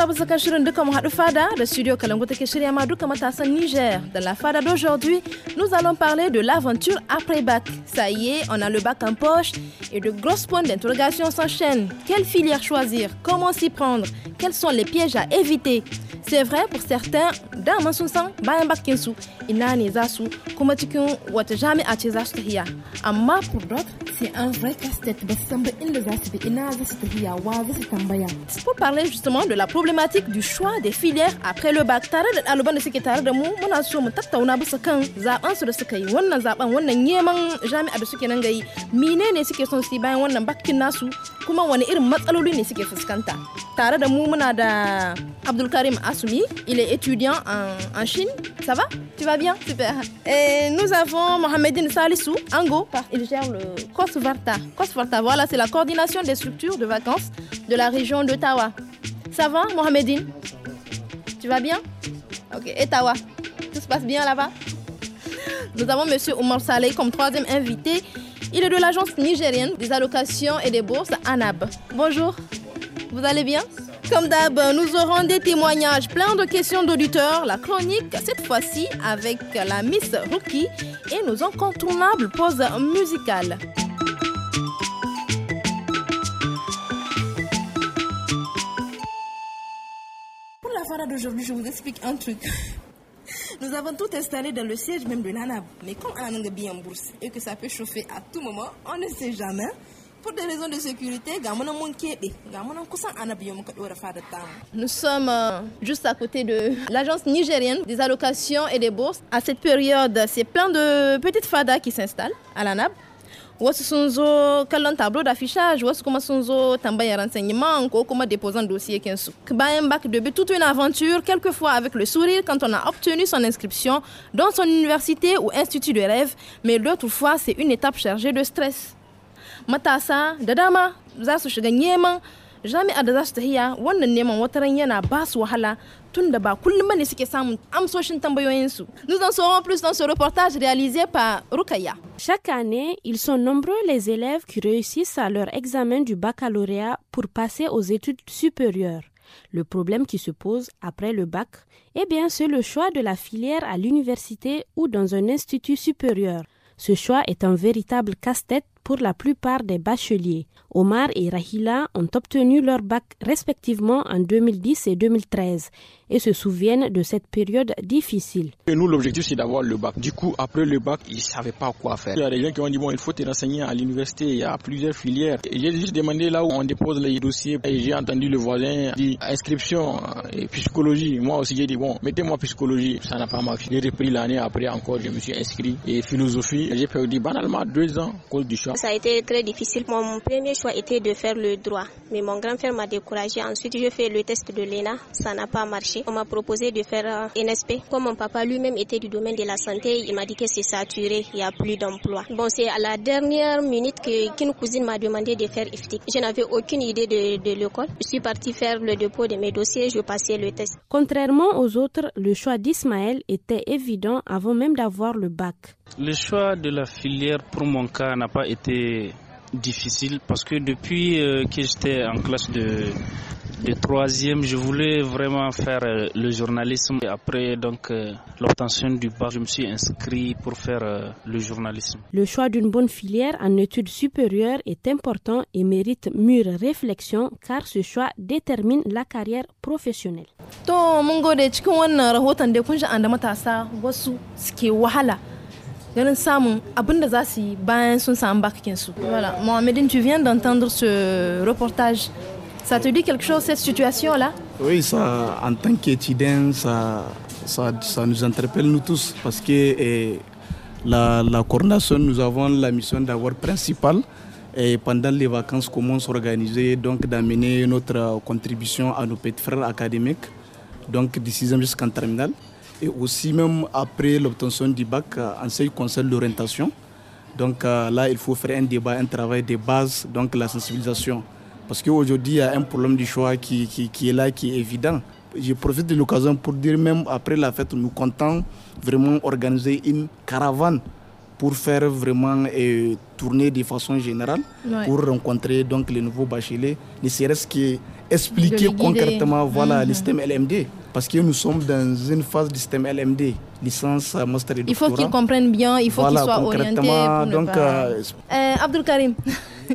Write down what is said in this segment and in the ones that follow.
zamu saka shirin duka mu haɗu fada da studio Kalangu take shirya ma duka matasan Niger. Dans la fada d'aujourd'hui, nous allons parler de l'aventure après bac. Ça y est, on a le bac en poche et de grosses points d'interrogation s'enchaînent. Quelle filière choisir Comment s'y prendre Quels sont les pièges à éviter C'est vrai pour certains, dans mon sens, bayan bakin su, ina ne za su kuma cikin wata jami'a ce za su tafiya. Amma pour d'autres, c'est un vrai casse-tête. Ba su san ba inda za su bi, ina za su wa Pour parler justement de la problématique problématique du choix des filières après le bac tare da ɗaliban da suke tare da mu muna so mu tattauna bisa kan zaben su da suka yi wannan zaben wannan neman jami'a da suke nan gayi ne suke son su bayan wannan bakin nasu kuma wani irin matsaloli ne suke fuskanta tare da mu muna da Abdul Karim Asumi il est étudiant en, en Chine ça va tu vas bien super et nous avons Mohamedine Salissou Ango il gère le Kosvarta Kosvarta voilà c'est la coordination des structures de vacances de la région de d'Ottawa ça va, Mohamedine Tu vas bien Ok, et Tawa Tout se passe bien là-bas Nous avons Monsieur Omar Saleh comme troisième invité. Il est de l'agence nigérienne des allocations et des bourses ANAB. Bonjour, vous allez bien Comme d'hab, nous aurons des témoignages, plein de questions d'auditeurs, la chronique, cette fois-ci avec la Miss Rookie et nos incontournables pauses musicales. aujourd'hui, je vous explique un truc. Nous avons tout installé dans le siège même de l'ANAB. Mais comme l'ANAB est bien en bourse et que ça peut chauffer à tout moment, on ne sait jamais. Pour des raisons de sécurité, Nous sommes euh, juste à côté de l'agence nigérienne des allocations et des bourses. À cette période, c'est plein de petites fadas qui s'installent à l'anab est-ce qu'on zo kallon tableau d'affichage affichage wasu kuma sun zo renseignement ko kuma déposant dossier kinsu bayan bac de but toute une aventure quelquefois avec le sourire quand on a obtenu son inscription dans son université ou institut de rêve mais d'autres fois c'est une étape chargée de stress matasa da dama shiga neman ba Nous en saurons plus dans ce reportage réalisé par Rukaya. Chaque année, ils sont nombreux les élèves qui réussissent à leur examen du baccalauréat pour passer aux études supérieures. Le problème qui se pose après le bac, eh bien, c'est le choix de la filière à l'université ou dans un institut supérieur. Ce choix est un véritable casse-tête pour la plupart des bacheliers. Omar et Rahila ont obtenu leur bac respectivement en 2010 et 2013 et se souviennent de cette période difficile. Et nous, l'objectif, c'est d'avoir le bac. Du coup, après le bac, ils ne savaient pas quoi faire. Il y a des gens qui ont dit, bon, il faut te renseigner à l'université, il y a plusieurs filières. J'ai juste demandé là où on dépose les dossiers et j'ai entendu le voisin dire inscription euh, et psychologie. Moi aussi, j'ai dit, bon, mettez-moi psychologie. Ça n'a pas marché. J'ai repris l'année après encore, je me suis inscrit et philosophie. J'ai perdu banalement deux ans à cause du choix. Ça a été très difficile. pour Mon premier choix était de faire le droit. Mais mon grand père m'a découragé. Ensuite, j'ai fait le test de l'ENA. Ça n'a pas marché. On m'a proposé de faire un euh, NSP. Comme mon papa lui-même était du domaine de la santé, il m'a dit que c'est saturé, il n'y a plus d'emploi. Bon, c'est à la dernière minute qu'une cousine m'a demandé de faire IFTIC. Je n'avais aucune idée de, de l'école. Je suis partie faire le dépôt de mes dossiers, je passais le test. Contrairement aux autres, le choix d'Ismaël était évident avant même d'avoir le bac. Le choix de la filière pour mon cas n'a pas été difficile parce que depuis euh, que j'étais en classe de, de troisième, je voulais vraiment faire euh, le journalisme. Et après donc euh, l'obtention du bac, je me suis inscrit pour faire le journalisme. Le choix d'une bonne filière en études supérieures est important et mérite mûre réflexion car ce choix détermine la carrière professionnelle ganin Mohamedine, tu viens d'entendre ce reportage. Ça te dit quelque chose, cette situation-là Oui, ça, en tant qu'étudiant, ça, ça, nous interpelle nous tous parce que eh, la, la coordination, nous avons la mission d'avoir principal et pendant les vacances, comment s'organiser, donc d'amener notre contribution à nos petits frères académiques, donc du 6e jusqu'en terminale et aussi même après l'obtention du bac euh, en ce qui concerne l'orientation. Donc euh, là, il faut faire un débat, un travail de base, donc la sensibilisation. Parce qu'aujourd'hui, il y a un problème du choix qui, qui, qui est là, qui est évident. Je profite de l'occasion pour dire même après la fête, nous comptons vraiment organiser une caravane pour faire vraiment et euh, tourner de façon générale, pour rencontrer donc les nouveaux bacheliers, ne serait-ce qu'expliquer concrètement voilà, mhm. le système LMD. Parce que nous sommes dans une phase du système LMD, licence, euh, master et doctorat. Il faut qu'ils comprennent bien, il faut qu'ils soient orientés. Euh, Abdul Karim,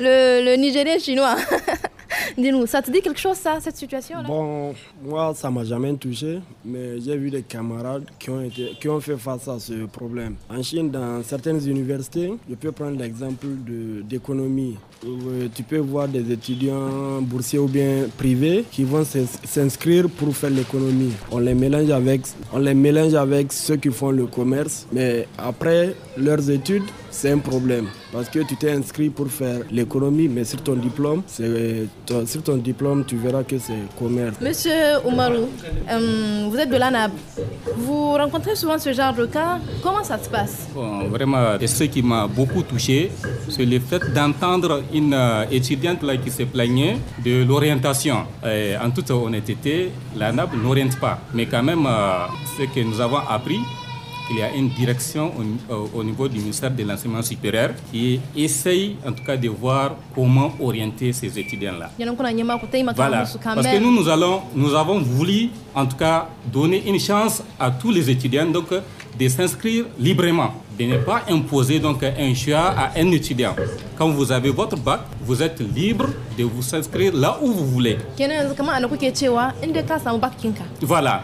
le, le chinois. Dis-nous, ça te dit quelque chose, ça, cette situation-là Bon, moi, ça m'a jamais touché, mais j'ai vu des camarades qui ont, fait face à ce problème. En Chine, dans certaines universités, je peux prendre l'exemple d'économie. Euh, tu peux voir des étudiants boursiers ou bien privés qui vont s'inscrire pour faire l'économie. On on les mélange avec ceux qui font le commerce, mais après leurs études, c'est un problème parce que tu t'es inscrit pour faire l'économie, mais sur ton diplôme, sur ton diplôme, tu verras que c'est commerce. Monsieur Oumarou, euh, vous êtes de l'ANAB. Vous rencontrez souvent ce genre de cas. Comment ça se passe Vraiment, ce qui m'a beaucoup touché, c'est le fait d'entendre une euh, étudiante là, qui se plaignait de l'orientation. En toute honnêteté, l'ANAB n'oriente pas. Mais quand même, euh, ce que nous avons appris, il y a une direction euh, au, niveau du ministère de l'enseignement supérieur qui essaye en tout cas de voir comment orienter ces étudiants-là. Voilà. Parce que nous, nous, allons, nous avons voulu en tout cas donner une chance à tous les étudiants. Donc, de s'inscrire librement, de ne pas imposer donc un choix à un étudiant. Quand vous avez votre bac, vous êtes libre de vous inscrire là où vous voulez. Voilà.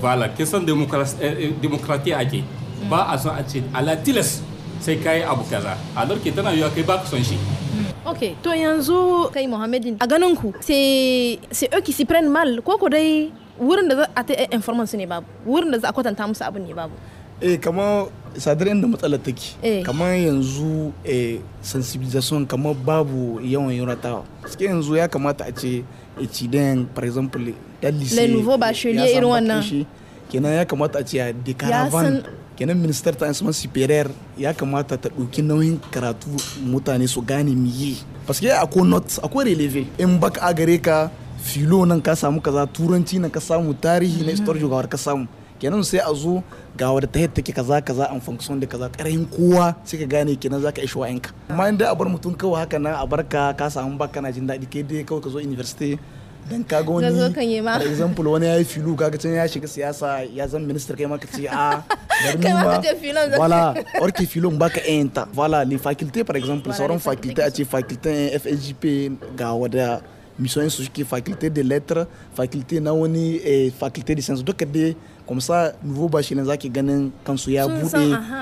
Voilà, question démocratie à euh, euh, mm. Ba a son à la ala tilas sai kayi abu kaza. Alors qu'il y a un bac son shi ok to yanzu kai muhammadin a ganin ku sai eux qui s'y prennent mal ko ko dai wurin da za information ne babu wurin da za a kwatanta musu abin ne babu eh kamar sadar inda matsalar take eh. kamar yanzu eh sensibilisation kamar babu yawan yuratawa suke yanzu ya kamata a ce ecidan par exemple dan lycée le nouveau bachelier irin wannan kenan ya kamata a ce ya de caravane kenan ministar ta instrument superior ya kamata ta ɗauki nauyin karatu mutane su gane miye paske akwai not akwai releve in baka a ka filo nan ka samu kaza turanci nan ka samu tarihi na histoire jugawar ka samu kenan sai a zo ga wadda ta yadda take kaza kaza an function da kaza karayin kowa sai ka gane kenan zaka ishe ka amma inda a bar mutum kawai haka nan a barka ka samu baka na jin daɗi kai dai kawai ka zo university dan ka ga wani example wani ya yi filu kaga can ya shiga siyasa ya zama minister kai maka ce a ah, voilà or enta voilà les facultés par exemple seront facultés ati faculté FSJP mission qui faculté de lettres faculté naoni et faculté de sciences donc des ça, nouveau bashi ne zaki ganin kansu ya bude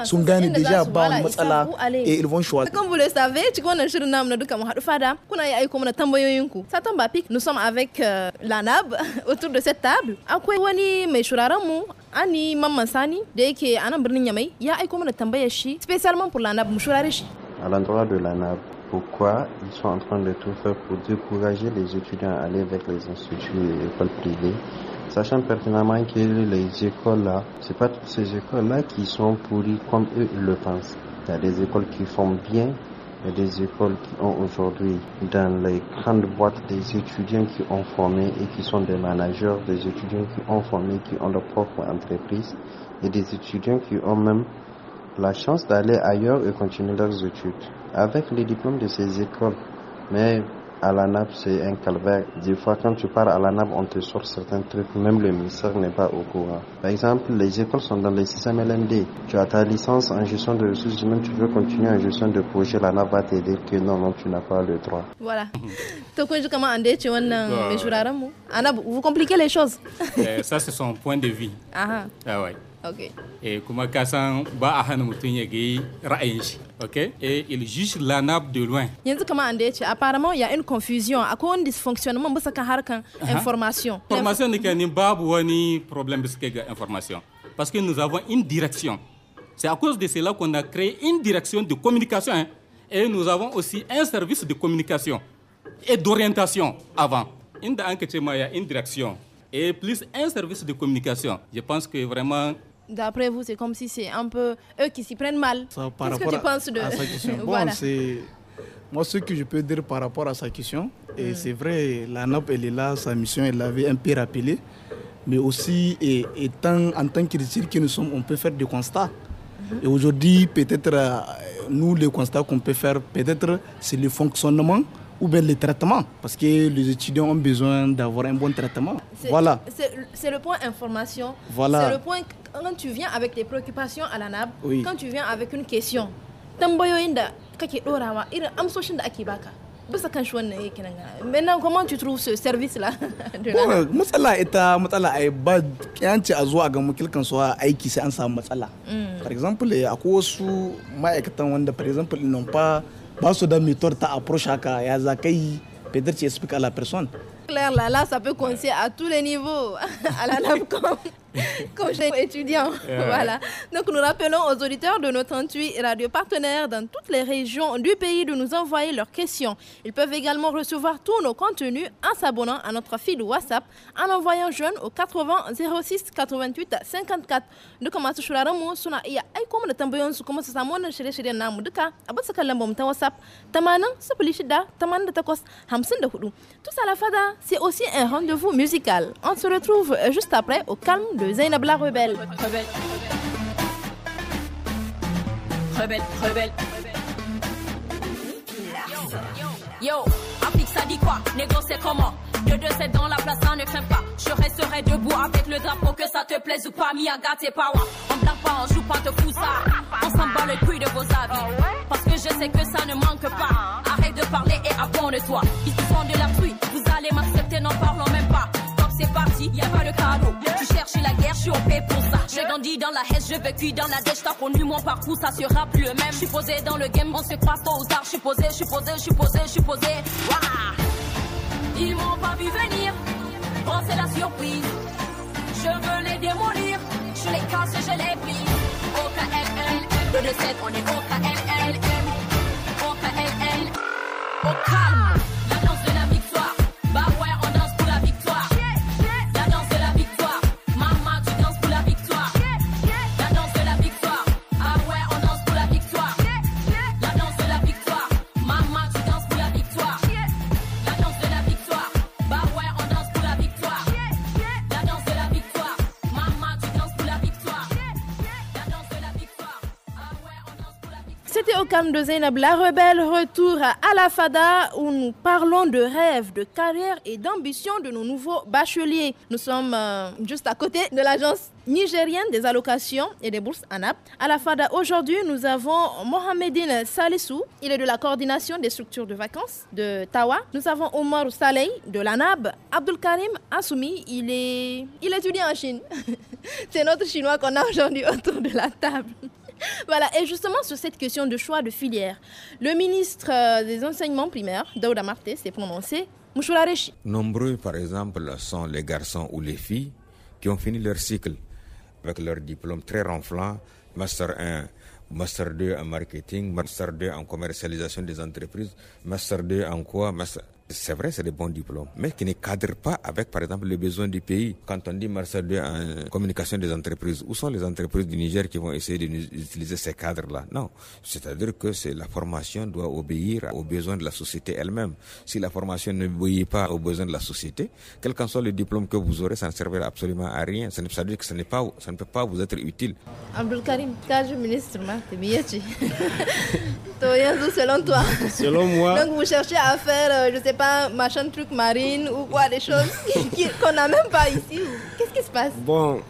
sun gane deja ba wani matsala eh vont choisir. comme vous le savez tu connais shirin namu na duka mu haɗu fada kuna iya aiko mana tambayoyinku sa tamba pic nous sommes avec euh, la l'anab autour de cette table akwai wani me shuraramu ani maman sani da yake a birnin yamai ya aiko mana tambayar shi spécialement pour l'anab mu shurare shi à l'endroit de l'anab pourquoi ils sont en train de tout faire pour décourager les étudiants à aller vers les instituts et écoles privées sachant pertinemment que les écoles-là, c'est pas toutes ces écoles-là qui sont pourries comme eux le pensent. Il y a des écoles qui font bien, il y a des écoles qui ont aujourd'hui dans les grandes boîtes des étudiants qui ont formé et qui sont des managers, des étudiants qui ont formé, qui ont leur propre entreprise et des étudiants qui ont même la chance d'aller ailleurs et continuer leurs études. Avec les diplômes de ces écoles, mais à la nappe, c'est un calvaire. Des fois, quand tu pars à la nappe, on te sort certains trucs, même le ministère n'est pas au courant. Par exemple, les écoles sont dans les système LMD. Tu as ta licence en gestion de ressources humaines, tu veux continuer en gestion de projet, la nappe va dire que non, non, tu n'as pas le droit. Voilà. Vous compliquez les choses. Eh, ça, c'est son point de vue. Ah, ah ouais. Et Ok? Et il juge la nappe de loin. apparemment il y a une confusion, Il un dysfonctionnement un dysfonctionnement. harkan uh-huh. information. Information problème information. Parce que nous avons une direction. C'est à cause de cela qu'on a créé une direction de communication. Hein. Et nous avons aussi un service de communication et d'orientation avant. Il y a une direction et plus un service de communication. Je pense que vraiment d'après vous, c'est comme si c'est un peu eux qui s'y prennent mal. Qu'est-ce que penses Moi, ce que je peux dire par rapport à sa question, et hmm. c'est vrai, la NAP, elle est là, sa mission, elle l'avait un peu rappelée, mais aussi, et, en tant que nous sommes, on peut faire des constats. Hmm. Et aujourd'hui, peut-être, euh, nous, les constats qu'on peut faire, peut-être, c'est le fonctionnement ou bien le traitement, parce que les étudiants ont besoin d'avoir un bon traitement. Voilà. C'est le point information. Voilà. C'est le point quand tu viens avec tes préoccupations à la oui. quand tu viens avec une question tambayoyin da kake dorawa irin amsoshin da ake baka bisa kan shi wannan yake nan maintenant comment tu trouves ce service là bon matsala ita matsala ai ba bad a zuwa ga mukilkan su aiki sai an samu matsala mm. for example eh, akwai su ma'aikatan wanda for example non pas. ba su da mitor ta approach haka ya za kai peut-être tu expliques à la personne clair là là ça peut concerner à tous les niveaux à la labcom quand j'étais étudiant. Voilà. Donc nous rappelons aux auditeurs de notre 38 radio partenaires dans toutes les régions du pays de nous envoyer leurs questions. Ils peuvent également recevoir tous nos contenus en s'abonnant à notre fil WhatsApp en envoyant jeune au 80 06 88 54. 54. la c'est aussi un rendez-vous musical. On se retrouve juste après au calme de avez Zainab blague Rebelle. Rebelle. Rebelle, rebelle. Yo, Afrique, ça dit quoi négocier comment De deux, dans la place, ça ne craint pas. Je resterai debout avec le drapeau, que ça te plaise ou pas. miaga, t'es power. On blague pas, on joue pas de fou On s'en bat le cul de vos avis. Ah Parce que je sais que ça ne manque pas. Ah. Arrête de parler et apprends toi Ils sont font de la pluie. vous allez m'accepter, n'en parlons même pas parti, y a pas de cadeau. Tu cherches la guerre, je suis paix pour ça. J'ai grandi dans la haine, je vécu dans la dèche. T'as connu mon parcours, ça sera plus le même. Je suis posé dans le game, on se croise aux aux tard. Je suis posé, je suis posé, je suis posé, je suis posé. Ils m'ont pas vu venir, oh c'est la surprise. Je veux les démolir, je les casse et je les plie. OKLL, 2 de 7, on est OKLL, l au calme. de Zeynab, la rebelle, retour à la Fada où nous parlons de rêves, de carrière et d'ambition de nos nouveaux bacheliers. Nous sommes euh, juste à côté de l'agence nigérienne des allocations et des bourses ANAP. À la FADA aujourd'hui, nous avons Mohamedine Salissou, il est de la coordination des structures de vacances de Tawa. Nous avons Omar Saleh de l'ANAB, Abdul Karim Assoumi, il est il étudie en Chine. C'est notre chinois qu'on a aujourd'hui autour de la table voilà, et justement sur cette question de choix de filière, le ministre euh, des enseignements primaires, Daouda Marté, s'est prononcé Nombreux, par exemple, sont les garçons ou les filles qui ont fini leur cycle avec leur diplôme très renflant, Master 1, Master 2 en marketing, Master 2 en commercialisation des entreprises, Master 2 en quoi c'est vrai, c'est des bons diplômes, mais qui ne cadrent pas avec, par exemple, les besoins du pays. Quand on dit Marcel 2 en communication des entreprises, où sont les entreprises du Niger qui vont essayer d'utiliser ces cadres-là Non. C'est-à-dire que c'est la formation doit obéir aux besoins de la société elle-même. Si la formation ne obéit pas aux besoins de la société, quel qu'en soit le diplôme que vous aurez, ça ne servira absolument à rien. Ça veut dire que ce n'est pas, ça ne peut pas vous être utile. Abdelkarim, ministre, selon toi. Selon moi. Donc vous cherchez à faire, euh, je sais pas, pas machin truc marine ou quoi, des choses qu'on n'a même pas ici Qu'est-ce qui se passe Bon,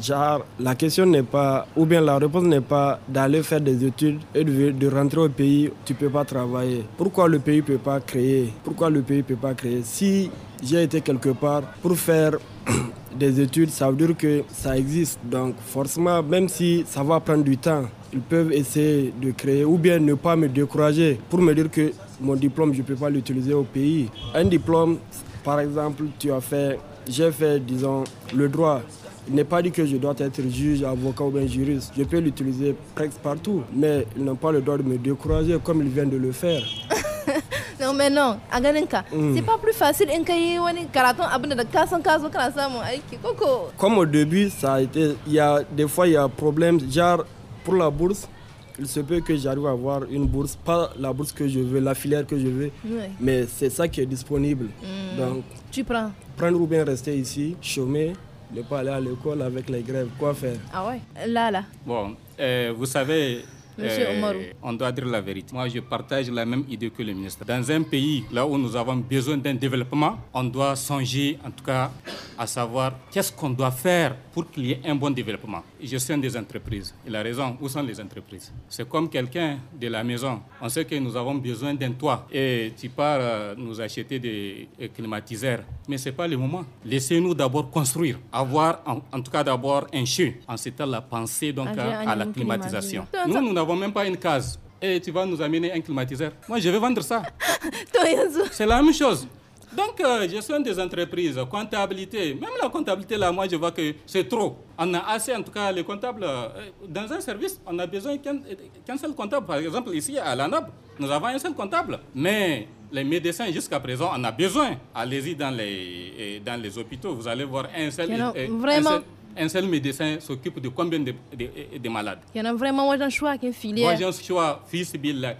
genre, la question n'est pas, ou bien la réponse n'est pas d'aller faire des études et de, rentrer au pays, tu peux pas travailler. Pourquoi le pays peut pas créer Pourquoi le pays peut pas créer Si j'ai été quelque part pour faire des études, ça veut dire que ça existe. Donc forcément, même si ça va prendre du temps, ils peuvent essayer de créer ou bien ne pas me décourager pour me dire que mon diplôme, je ne peux pas l'utiliser au pays. Un diplôme, par exemple, tu as fait, j'ai fait, disons, le droit. Il n'est pas dit que je dois être juge, avocat ou bien juriste. Je peux l'utiliser presque partout, mais ils n'ont pas le droit de me décourager comme ils viennent de le faire. Mais non, mm. c'est pas plus facile comme au début ça a été il y a des fois il y a problème genre pour la bourse il se peut que j'arrive à avoir une bourse, pas la bourse que je veux, la filière que je veux, mais c'est ça qui est disponible. Mm. Donc, tu prends. Prendre ou bien rester ici, chômer, ne pas aller à l'école avec les grèves, quoi faire Ah ouais, là, là. Bon, euh, vous savez, Monsieur Omarou. Euh, on doit dire la vérité. Moi, je partage la même idée que le ministre. Dans un pays là où nous avons besoin d'un développement, on doit songer en tout cas à savoir qu'est-ce qu'on doit faire pour qu'il y ait un bon développement. Je un des entreprises. Il a raison. Où sont les entreprises C'est comme quelqu'un de la maison. On sait que nous avons besoin d'un toit. Et tu pars euh, nous acheter des euh, climatiseurs. Mais ce n'est pas le moment. Laissez-nous d'abord construire. Avoir, en, tout cas, d'abord un chien. En ce la pensée donc, à, à la climatisation. Nous, nous n'avons même pas une case et tu vas nous amener un climatiseur. Moi, je vais vendre ça. C'est la même chose. Donc, suis euh, gestion des entreprises, comptabilité, même la comptabilité, là, moi, je vois que c'est trop. On a assez, en tout cas, les comptables. Euh, dans un service, on a besoin qu'un seul comptable. Par exemple, ici, à l'ANAB, nous avons un seul comptable. Mais les médecins, jusqu'à présent, on a besoin. Allez-y dans les, euh, dans les hôpitaux, vous allez voir un seul. vraiment, un seul médecin s'occupe de combien de, malades Il y en a vraiment un choix qui est j'ai Un choix, fils Billah.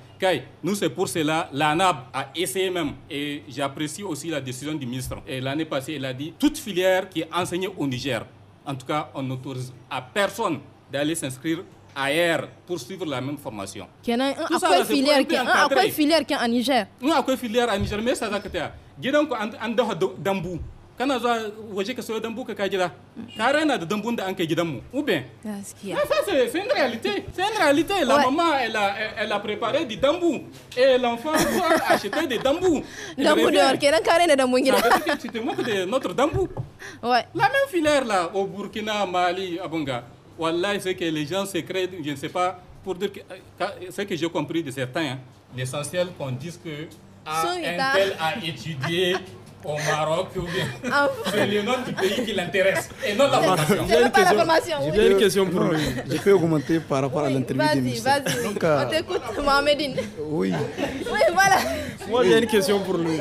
Nous, c'est pour cela, l'ANAB a essayé même, et j'apprécie aussi la décision du ministre. Et l'année passée, il a dit toute filière qui est enseignée au Niger, en tout cas, on n'autorise à personne d'aller s'inscrire ailleurs pour suivre la même formation. Il y en a un filière qui est en Niger. Non, à filière en Niger, mais ça, c'est un donc en dehors d'Ambou kana zuwa waje ka sayo dambu ka ka gida ka rana da dambun da an kai gidanmu ube gaskiya ça c'est c'est une réalité c'est une réalité la maman elle a elle a préparé du dambu et l'enfant doit acheter des dambu dambu or kenan ka rana dambun gida tu te moques de notre dambu ouais la même filière là au Burkina Mali Abonga wallahi c'est que les gens se créent je ne sais pas pour dire que euh, ce que j'ai compris de certains hein, l'essentiel qu'on dise que A un tel a étudié au Maroc ou bien. c'est le nom du pays qui l'intéresse et non la ah, formation. J'ai une, question, une question pour lui. Je peux augmenter par rapport à l'interview. Vas-y, vas-y. Euh, On t'écoute, Mohamedine. Oui. Oui, voilà. Moi, j'ai une question pour lui.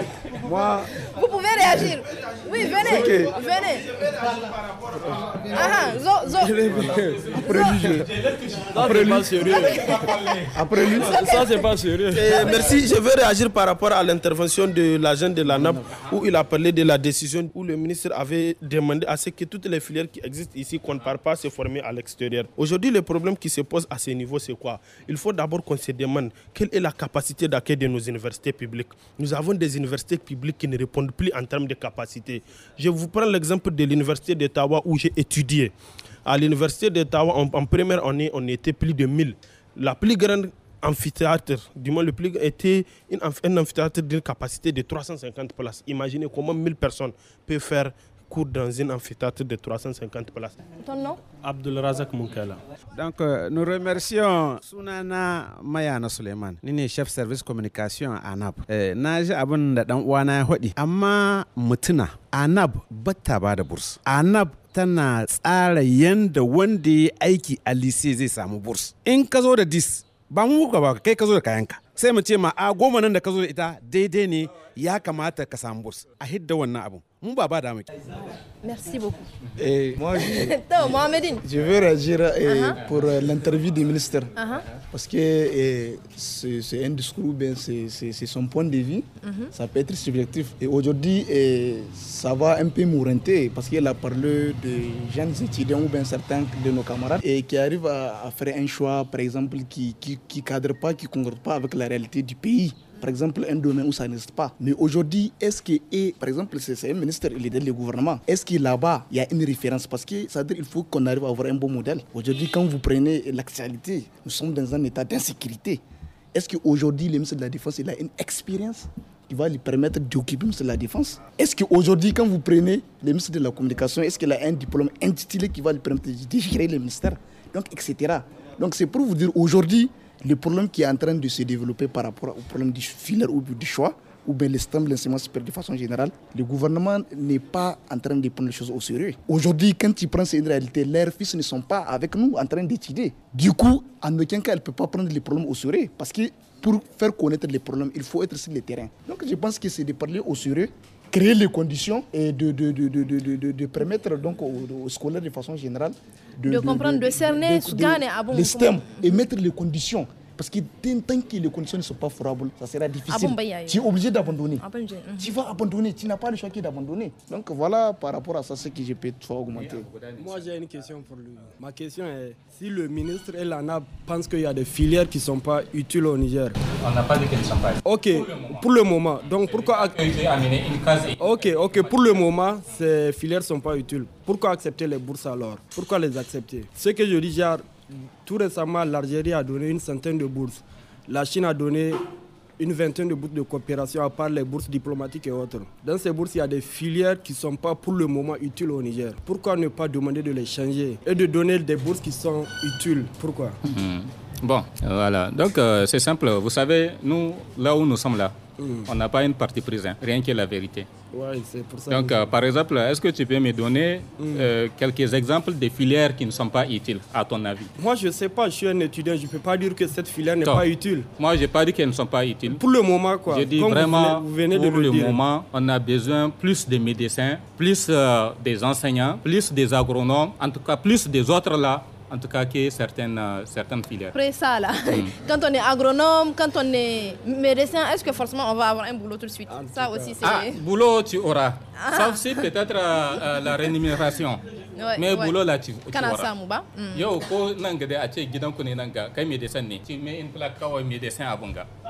Moi. Vous pouvez réagir. Oui, venez. Venez. Ah, ah zo, zo. Après lui, je. Après lui, sérieux. Après lui, ça, c'est pas sérieux. Eh, merci, je veux réagir par rapport à l'intervention de l'agent de la NAP où il a parlé de la décision où le ministre avait demandé à ce que toutes les filières qui existent ici, qu'on ne part pas se former à l'extérieur. Aujourd'hui, le problème qui se pose à ce niveau, c'est quoi Il faut d'abord qu'on se demande quelle est la capacité d'accueil de nos universités publiques. Nous avons des universités publiques qui ne répondent plus en termes de capacité. Je vous prends l'exemple de l'université d'Ottawa où j'ai étudié. À l'université d'Ottawa, en, première année, on était plus de 1000. La plus grande amphithéâtre, du moins le plus était une, un amphithéâtre d'une capacité de 350 places. Imaginez comment 1000 personnes peuvent faire cours dans un amphithéâtre de 350 places. Ton nom Abdul Razak Donc, euh, nous remercions Sunana Mayana Suleiman, ni chef service communication à ANAB. Euh, naja abun da dan uwana ya hodi, amma mutuna ANAB batta ba Bourse. ANAB tana tsara yanda wanda ya aiki a lise zai samu bourse In ka da dis ba mu ba kai ka zo da kayanka a goma nan da ita ya kamata ka samu a hidda wannan ba ba da merci beaucoup eh moi je, je veux réagir eh, uh-huh. pour euh, l'interview du ministre uh-huh. parce que eh, c'est un discours c'est son point de vue uh-huh. ça peut être subjectif et aujourd'hui eh, ça va un peu mourenter parce qu'il a parlé de jeunes étudiants ou bien certains de nos camarades et qui arrivent à, faire un choix par exemple qui qui, qui cadre pas qui concorde pas avec la réalité du pays. Par exemple, un domaine où ça n'existe pas. Mais aujourd'hui, est-ce que, et, par exemple, c'est un ministre, il est le gouvernement, est-ce que là-bas, il y a une référence Parce que ça veut dire qu'il faut qu'on arrive à avoir un bon modèle. Aujourd'hui, quand vous prenez l'actualité, nous sommes dans un état d'insécurité. Est-ce qu'aujourd'hui, le ministre de la Défense, il a une expérience qui va lui permettre d'occuper le de la défense Est-ce qu'aujourd'hui, quand vous prenez le ministre de la Communication, est-ce qu'il a un diplôme intitulé qui va lui permettre de gérer le ministère Donc, etc. Donc, c'est pour vous dire aujourd'hui, le problème qui est en train de se développer par rapport au problème du filaire ou du choix, ou bien le système l'enseignement supérieur de façon générale, le gouvernement n'est pas en train de prendre les choses au sérieux. Aujourd'hui, quand ils prennent cette réalité, leurs fils ne sont pas avec nous en train d'étudier. Du coup, en aucun cas, elle ne peut pas prendre les problèmes au sérieux parce que pour faire connaître les problèmes, il faut être sur le terrain. Donc je pense que c'est de parler au sérieux créer les conditions et de, de, de, permettre donc aux scolaires de façon générale de, de, de comprendre, de, cerner, de, STEM et mettre les conditions parce que tant que les conditions ne sont pas favorables, ça sera difficile. Ah bah, tu es obligé d'abandonner. Ah, hein. Tu vas abandonner, tu n'as pas le choix d'abandonner. Donc voilà par rapport à ça ce que je peux augmenter. Moi j'ai une question pour lui. Ma question est si le ministre et l'ANA pense qu'il y a des filières qui ne sont pas utiles au Niger. On n'a pas dit qu'elles ne sont pas utiles. Ok, pour le moment. Donc pourquoi. Ok, ok, pour le moment, ces filières ne sont pas utiles. Pourquoi accepter les bourses alors Pourquoi les accepter Ce que je dis, genre, tout récemment, l'Algérie a donné une centaine de bourses. La Chine a donné une vingtaine de bourses de coopération, à part les bourses diplomatiques et autres. Dans ces bourses, il y a des filières qui ne sont pas pour le moment utiles au Niger. Pourquoi ne pas demander de les changer et de donner des bourses qui sont utiles Pourquoi hmm. Bon, voilà. Donc, euh, c'est simple. Vous savez, nous, là où nous sommes là, hmm. on n'a pas une partie prise, hein. rien que la vérité. c'est pour ça Donc, euh, par exemple, est-ce que tu peux me donner hmm. euh, quelques exemples des filières qui ne sont pas utiles, à ton avis Moi, je ne sais pas. Je suis un étudiant. Je ne peux pas dire que cette filière n'est pas utile. Moi, je n'ai pas dit qu'elles ne sont pas utiles. Pour le moment, quoi. Je dis vraiment, venez, pour le, le moment, on a besoin plus de médecins, plus des enseignants, plus des agronomes, en tout cas, plus des autres là en tout cas, que certaines, euh, certaines filières. Après ça, là, mm. quand on est agronome, quand on est médecin, est-ce que forcément on va avoir un boulot tout de suite Ça aussi, c'est. Ah, boulot, tu auras. Ah. Sauf si peut-être euh, euh, la rémunération. mais boulot là tu kana quand mm. Yo ko nan a kai tu mets une plaque kawai mai dessin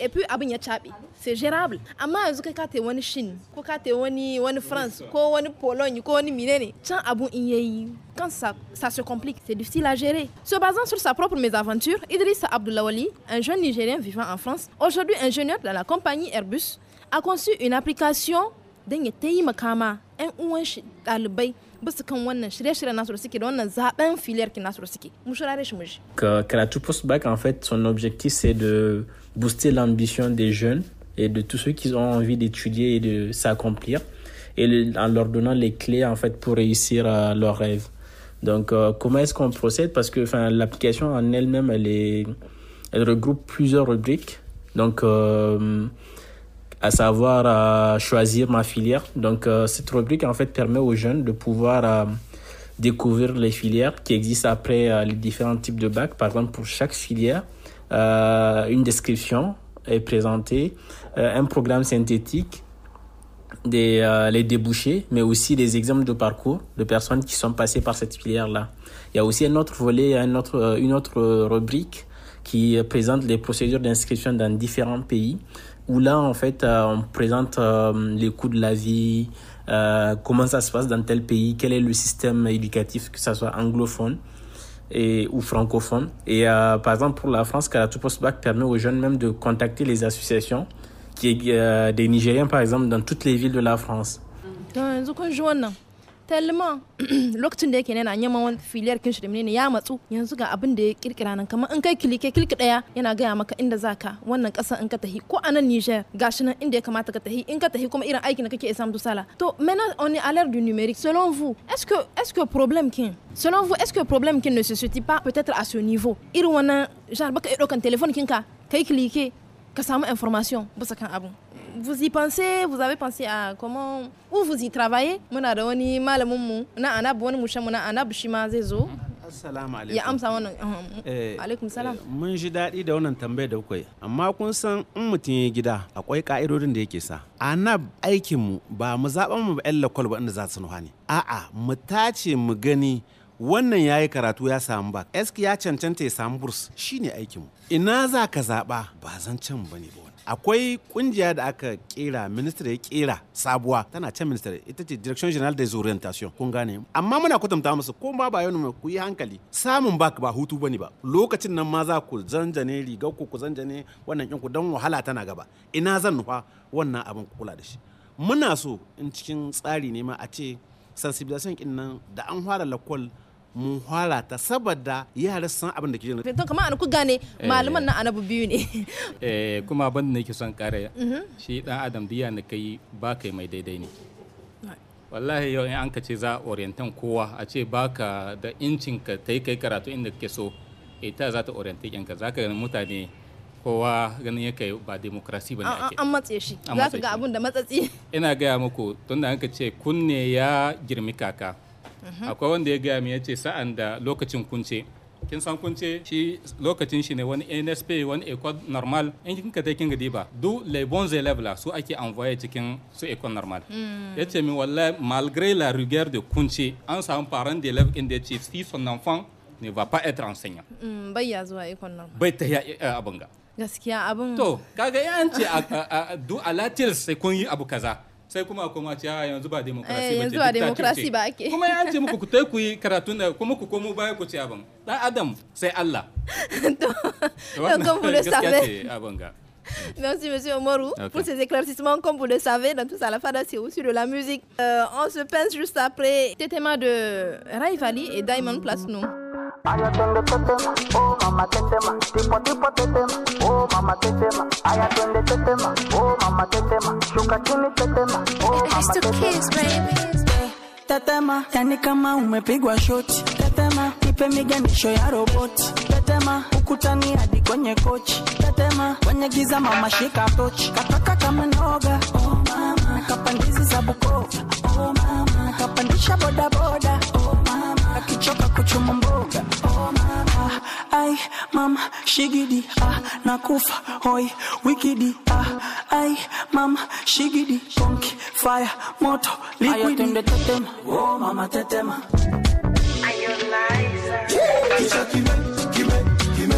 Et puis c'est gérable amma yanzu kai ka wani shin ko ka wani wani france ko wani pologne ko wani quand ça, ça se complique c'est difficile à gérer se basant sur sa propre mésaventure Idriss Abdoulawali un jeune nigérien vivant en France aujourd'hui ingénieur dans la compagnie Airbus a conçu une application d'un ya un un uwan shi bisa post bac en fait son objectif c'est de booster l'ambition des jeunes et de tous ceux qui ont envie d'étudier et de s'accomplir et en leur donnant les clés en fait pour réussir à euh, leurs rêves. Donc euh, comment est-ce qu'on procède parce que enfin l'application en elle-même elle est elle regroupe plusieurs rubriques. Donc euh, à savoir euh, choisir ma filière. Donc euh, cette rubrique en fait permet aux jeunes de pouvoir euh, découvrir les filières qui existent après les différents types de bacs. Par exemple, pour chaque filière, une description est présentée, un programme synthétique, des, les débouchés, mais aussi des exemples de parcours de personnes qui sont passées par cette filière-là. Il y a aussi un autre volet, un autre, une autre rubrique qui présente les procédures d'inscription dans différents pays où là, en fait, euh, on présente euh, les coûts de la vie, euh, comment ça se passe dans tel pays, quel est le système éducatif, que ce soit anglophone et, ou francophone. Et par exemple, pour la France, Karatu Postbac permet aux jeunes même de contacter les associations qui, des Nigériens, par exemple, dans toutes les villes de la France talman lokacin da yake yana yaman filiyar kinshi da menene ya matsu yanzu ga abin da ya kirkira nan kamar in kai kilike kilki daya yana gaya maka inda zaka wannan kasar in ka tahi ko anan Niger gashi nan inda ya kamata ka tahi in ka tahi kuma irin aikin da kake isa sala to maintenant on est à du numérique selon vous est-ce que est-ce que problème kin selon vous est-ce que problème kin ne se situe pas peut-être à ce niveau irwana wannan baka edo kan telephone kinka kai kilike ka samu information bisa kan abun vous y pensez vous avez pensé à comment où vous y travaillez muna da wani malamin mu na anab wani mushan mu na anab shi ma zai zo assalamu alaikum ya amsa wannan eh, alaikum salam eh, mun ji daɗi da wannan tambayar da kuka yi amma kun san in mutum ya gida akwai ka'idodin da yake sa anab aikin mu ba mu zaɓan mu ba yan lakwal ba inda za su nuha ne a'a mu tace mu gani wannan ya yi karatu ya samu ba eski ya cancanta ya samu burs shine aikinmu ina za ka zaɓa ba zan can ba ne ba akwai kungiya da aka kera ministry ya kera sabuwa tana can ministry ita ce direction general des orientation kun gane amma muna kwatanta musu ko ma ba yau ne ku yi hankali samun bak ba hutu bane ba lokacin nan ma za ku zanjane rigar ku ku zanjane wannan ku dan wahala tana gaba ina zan nufa wannan abin ku kula da shi muna so in cikin tsari ne ma a ce sensibilisation kin nan da an fara lakwal mun halata saboda yara san abin da ke jini. Fintan kamar an ku gane eh. malaman na anabu biyu ne eh kuma abin da nake son kare mhm. shi dan adam diya yana kai ba kai mai daidai ne wallahi yau in an ka ce za orientan kowa a ce baka da incin ka ta kai karatu inda kake so ita za ta orienta ka za ka mutane kowa ganin ya kai ba demokrasi ba ne ake an matse shi za ka ga abun da matsatsi ina gaya muku tunda an ka ce kunne ya girmi kaka Mhm. akwai wanda ya gaya mi yace ce sa'an da lokacin kunce kin san kunce shi lokacin shi ne wani NSP wani école normal in kin ka kin gadi ba du les bons élèves su ake envoyer cikin su école normal mm. yace mi wallahi malgré la rigueur de kunce an samu parents d'élèves inda chief si son enfant ne va pas être enseignant mm, bai ya zuwa école normal bai ta ya eh, abunga gaskiya abun to kaga yan ce du alatil sai kun yi abu kaza sai kuma a koma ce a ah, yanzu ba demokrasi eh, ba yanzu ba demokrasi ba ake kuma ya ce muku ku tai ku yi karatu da kuma ku komo baya ku ce abin dan adam sai Allah donc comme vous le savez Merci Monsieur Omoru pour ces éclaircissements. Comme vous le savez, dans tout ça, la fada, c'est aussi de la musique. Euh, on se pince juste après tes thèmes de Valley et Diamond Place Nous. I attend the tetem, oh mama tetem, tipo tipo tetem, oh mama tetem, I attend the tetem, oh mama tetem, shuka chini tetem, oh mama tetem. Tetema, yani kama umepigwa shoti. Tetema, ipe miganisho ya roboti. Tetema, ukutani hadi kwenye kochi. Tetema, kwenye giza mama shika tochi. Kataka kama noga, oh mama, kapandizi za Bukoba, oh mama, boda boda. choma mboga oh mama ai mama shigidi ah nakufa hoi wikidi ah ai mama shigidi ponki fire moto liquidi tetema oh mama tetema ayo liza kisha kime kime kime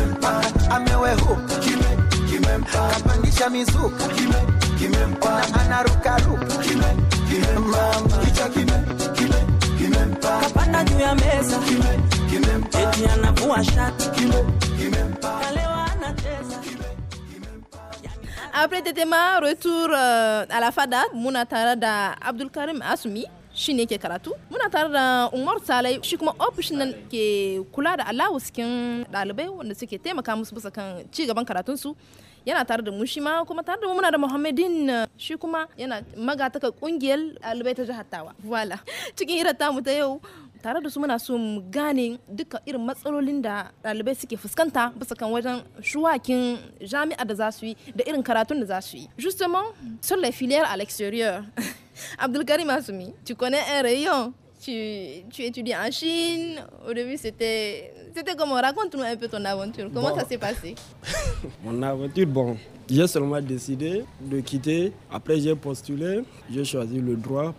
amewe ho kime kime kimempa kapangisha mizuka kime kime kimempa ruka kime kime kimempa kisha kime kime kimempa kapanda juu ya meza kime, kimempa eti anavua shati kime, kimempa kalewa anacheza après Tetema, retour euh, à la fada muna da abdul karim asumi shine ke karatu muna da umar salai shi kuma ofishin ke kula da alawus kin dalibai wanda suke taimaka musu bisa kan ci gaban karatunsu yana tare da mu kuma tare da muna da Muhammadin eh, shi kuma yana kungiyar ta jihar voila cikin tamu ta da su muna so irin matsalolin da suke fuskanta bisa kan shuwakin jami'a da za su yi da irin karatun da za su yi justement sur les filières à l'extérieur Abdulkarim Asumi tu connais un rayon tu, étudies en Chine. Au début, c'était, c'était comment Raconte-nous un peu ton aventure. Comment ça s'est passé Mon aventure, bon, j'ai seulement décidé de quitter. Après, j'ai postulé. J'ai choisi le droit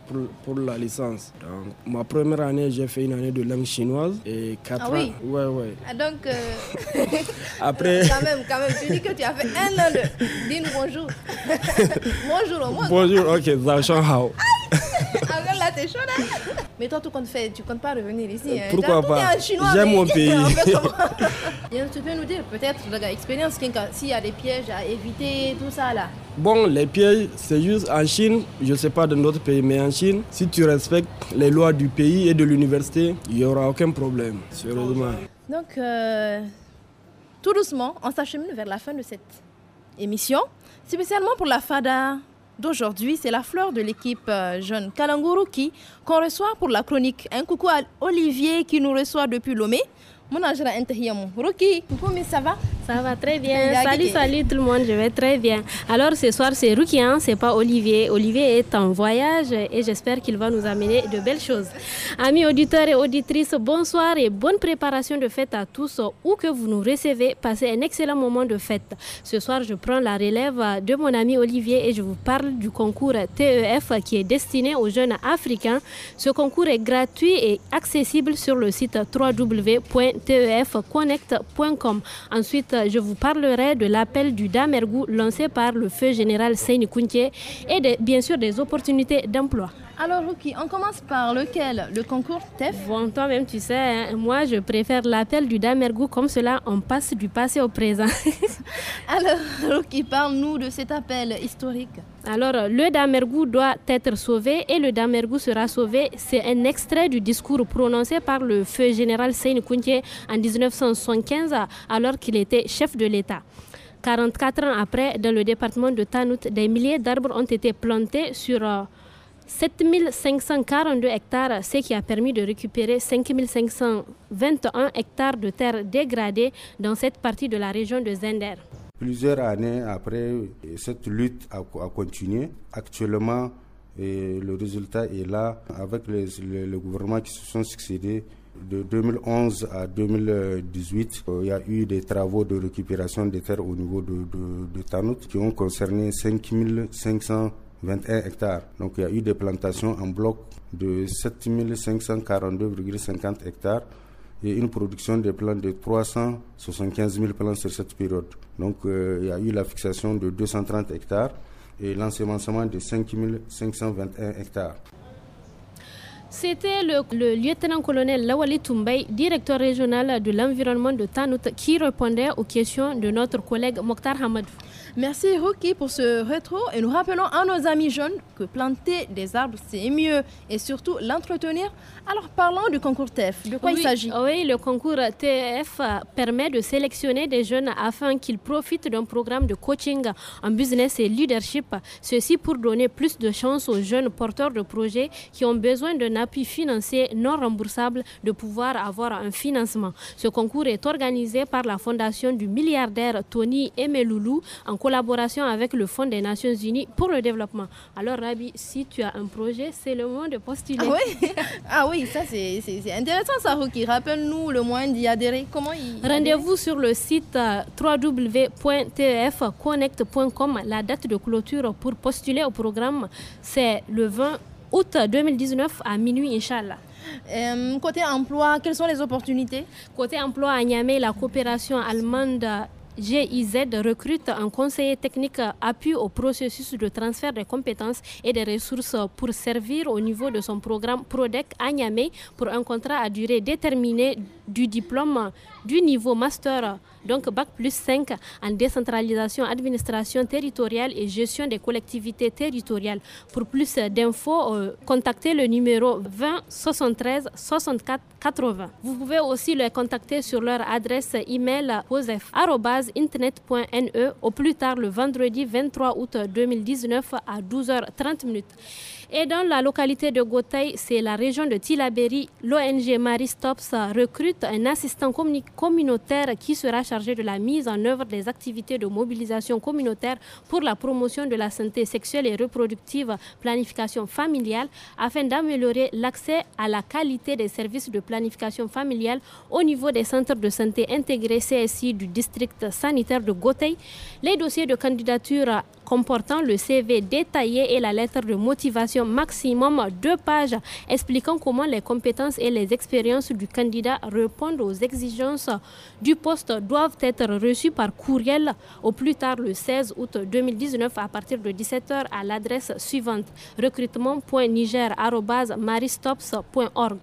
pour, la licence. Donc, ma première année, j'ai fait une année de langue chinoise et quatre. ah, ans. Oui. Ouais, ouais. Ah, donc, euh, après. quand même, quand même, tu dis que tu as fait un an de. Dis-nous bonjour. bonjour au moins. Bonjour, ok, Zhao Shanghao. Ah, là, t'es chaud, mais toi, tu comptes tu comptes pas revenir ici. Hein. Pourquoi pas J'aime mon pays. tu peux nous dire peut-être l'expérience s'il y a des pièges à éviter, tout ça là. Bon, les pièges, c'est juste en Chine, je ne sais pas dans notre pays, mais en Chine, si tu respectes les lois du pays et de l'université, il n'y aura aucun problème, sérieusement. Donc, euh, tout doucement, on s'achemine vers la fin de cette émission, spécialement pour la FADA, d'aujourd'hui, c'est la fleur de l'équipe euh, jeune Kalanguru qui qu'on reçoit pour la chronique. Un coucou à Olivier qui nous reçoit depuis Lomé. Ruki, comment ça va Ça va très bien. Salut, salut tout le monde, je vais très bien. Alors ce soir, c'est Ruki, hein, c'est pas Olivier. Olivier est en voyage et j'espère qu'il va nous amener de belles choses. Amis auditeurs et auditrices, bonsoir et bonne préparation de fête à tous où que vous nous recevez. Passez un excellent moment de fête. Ce soir, je prends la relève de mon ami Olivier et je vous parle du concours TEF qui est destiné aux jeunes africains. Ce concours est gratuit et accessible sur le site www tefconnect.com. Ensuite, je vous parlerai de l'appel du Damergou lancé par le feu général Seyni et bien sûr des opportunités d'emploi. Alors, Ruki, on commence par lequel Le concours TEF Bon, toi-même, tu sais, hein. moi, je préfère l'appel du Damergou. Comme cela, on passe du passé au présent. Alors, Ruki, parle-nous de cet appel historique. Alors, le Damergou doit être sauvé et le Damergou sera sauvé. C'est un extrait du discours prononcé par le feu général seine Kounté en 1975, alors qu'il était chef de l'État. 44 ans après, dans le département de Tanout, des milliers d'arbres ont été plantés sur... Euh, 7542 hectares, ce qui a permis de récupérer 5521 hectares de terres dégradées dans cette partie de la région de Zender. Plusieurs années après, cette lutte a, continué. Actuellement, et le résultat est là avec les, gouvernement gouvernements qui se sont succédés. De 2011 à 2018, il y a eu des travaux de récupération des terres au niveau de, de, Tanout qui ont concerné 5500 21 hectares. Donc il y a eu des plantations en bloc de 7542,50 hectares et une production de plants de 375 000 plants sur cette période. Donc euh, il y a eu la fixation de 230 hectares et l'ensemencement de 5 521 hectares. C'était le, lieutenant-colonel Lawali Toumbay, directeur régional de l'environnement de Tanout, qui répondait aux questions de notre collègue Mokhtar Hamadou. Merci Rocky pour ce rétro et nous rappelons à nos amis jeunes que planter des arbres c'est mieux et surtout l'entretenir. Alors parlons du concours TF De quoi il s'agit Oui, le concours TF permet de sélectionner des jeunes afin qu'ils profitent d'un programme de coaching en business et leadership. Ceci pour donner plus de chances aux jeunes porteurs de projets qui ont besoin d'un appui financier non remboursable de pouvoir avoir un financement. Ce concours est organisé par la fondation du milliardaire Tony Emeloulou en collaboration avec le Fonds des Nations Unies pour le développement. Alors Rabi, si tu as un projet, c'est le moment de postuler. Ah oui, ah ça c'est intéressant ça, qui Rappelle-nous le moyen d'y adhérer. Comment Rendez-vous sur le site euh, www.tfconnect.com. La date de clôture pour postuler au programme, c'est le 20 août 2019 à minuit, Inch'Allah. Euh, côté emploi, quelles sont les opportunités Côté emploi à Niamey, la coopération allemande GIZ recrute un conseiller technique appui au processus de transfert des compétences et des ressources pour servir au niveau de son programme PRODEC à Niamey pour un contrat à durée déterminée du diplôme du niveau master, donc bac plus 5 en décentralisation, administration territoriale et gestion des collectivités territoriales. Pour plus d'infos, euh, contactez le numéro 20 73 64 80. Vous pouvez aussi les contacter sur leur adresse email posef.internet.ne au plus tard le vendredi 23 août 2019 à 12h30 et dans la localité de Gotay, c'est la région de Tilaberi, l'ONG Marie Stops recrute un assistant communautaire qui sera chargé de la mise en œuvre des activités de mobilisation communautaire pour la promotion de la santé sexuelle et reproductive, planification familiale, afin d'améliorer l'accès à la qualité des services de planification familiale au niveau des centres de santé intégrés CSI du district sanitaire de Gotay. Les dossiers de candidature comportant le CV détaillé et la lettre de motivation maximum deux pages expliquant comment les compétences et les expériences du candidat répondent aux exigences du poste doivent être reçues par courriel au plus tard le 16 août 2019 à partir de 17h à l'adresse suivante recrutement.niger.maristops.org.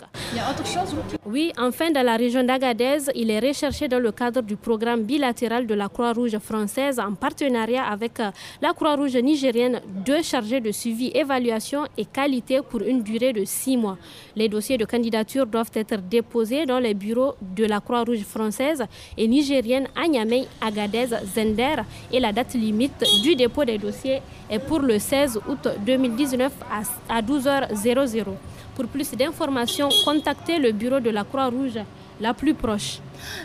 Oui, enfin, dans la région d'Agadez, il est recherché dans le cadre du programme bilatéral de la Croix-Rouge française en partenariat avec euh, la Croix-Rouge nigérienne deux chargés de suivi, évaluation et qualité pour une durée de six mois. Les dossiers de candidature doivent être déposés dans les bureaux de la Croix-Rouge française et nigérienne à Niamey, Agadez, Zender et la date limite du dépôt des dossiers est pour le 16 août 2019 à 12h00. Pour plus d'informations, contactez le bureau de la Croix-Rouge la plus proche.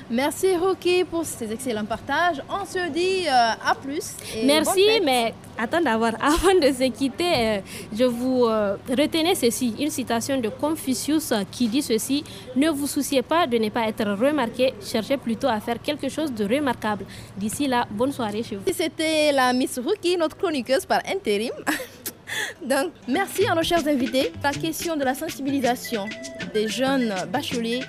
Merci Rocky pour ces excellents partages. On se dit euh, à plus. Merci, mais attends d'avoir, avant de se quitter, euh, je vous euh, retenais ceci, une citation de Confucius qui dit ceci, ne vous souciez pas de ne pas être remarqué, cherchez plutôt à faire quelque chose de remarquable. D'ici là, bonne soirée chez vous. C'était la Miss Rocky, notre chroniqueuse par intérim. Donc, merci à nos chers invités. La question de la sensibilisation des jeunes bacheliers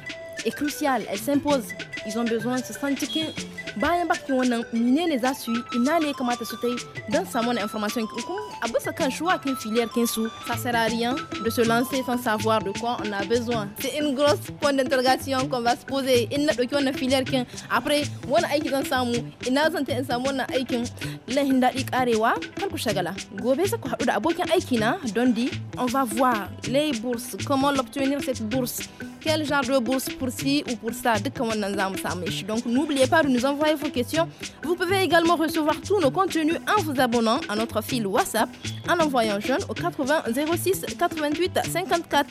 est cruciale, elle s'impose. Ils ont besoin de se sentir que bayan baki wannan menene za su yi ina ne ya kamata su ta yi don samu information kuma a bisa kan shuwa kin filiyar kin su ça sert à rien de se lancer sans savoir de quoi on a besoin c'est une grosse point d'interrogation qu'on va se poser in na qu'on wannan filiyar kin après wani aiki zan samu ina zan ta in samu wannan aikin lahin daɗi karewa kar ku shagala gobe sa ku haɗu da abokin aiki na di, on va voir les bourses comment l'obtenir cette bourse quel genre de bourse pour ci ou pour ça. de comment Donc n'oubliez pas de nous envoyer vos questions. Vous pouvez également recevoir tous nos contenus en vous abonnant à notre fil WhatsApp en envoyant jeune au 80 06 88 54.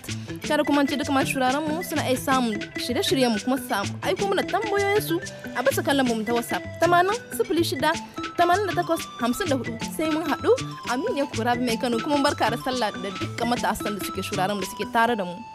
Kada kuma ce duka je shuraren mu suna iya samun shirye-shiryen mu kuma samu aiko mana tambayoyin su a bisa kallon mu ta WhatsApp 80 06 88 54 sai mun haɗu Aminu Kurabi mai Kano kuma barka da sallah da dukkan matasan da suke shuraren da suke tare da mu.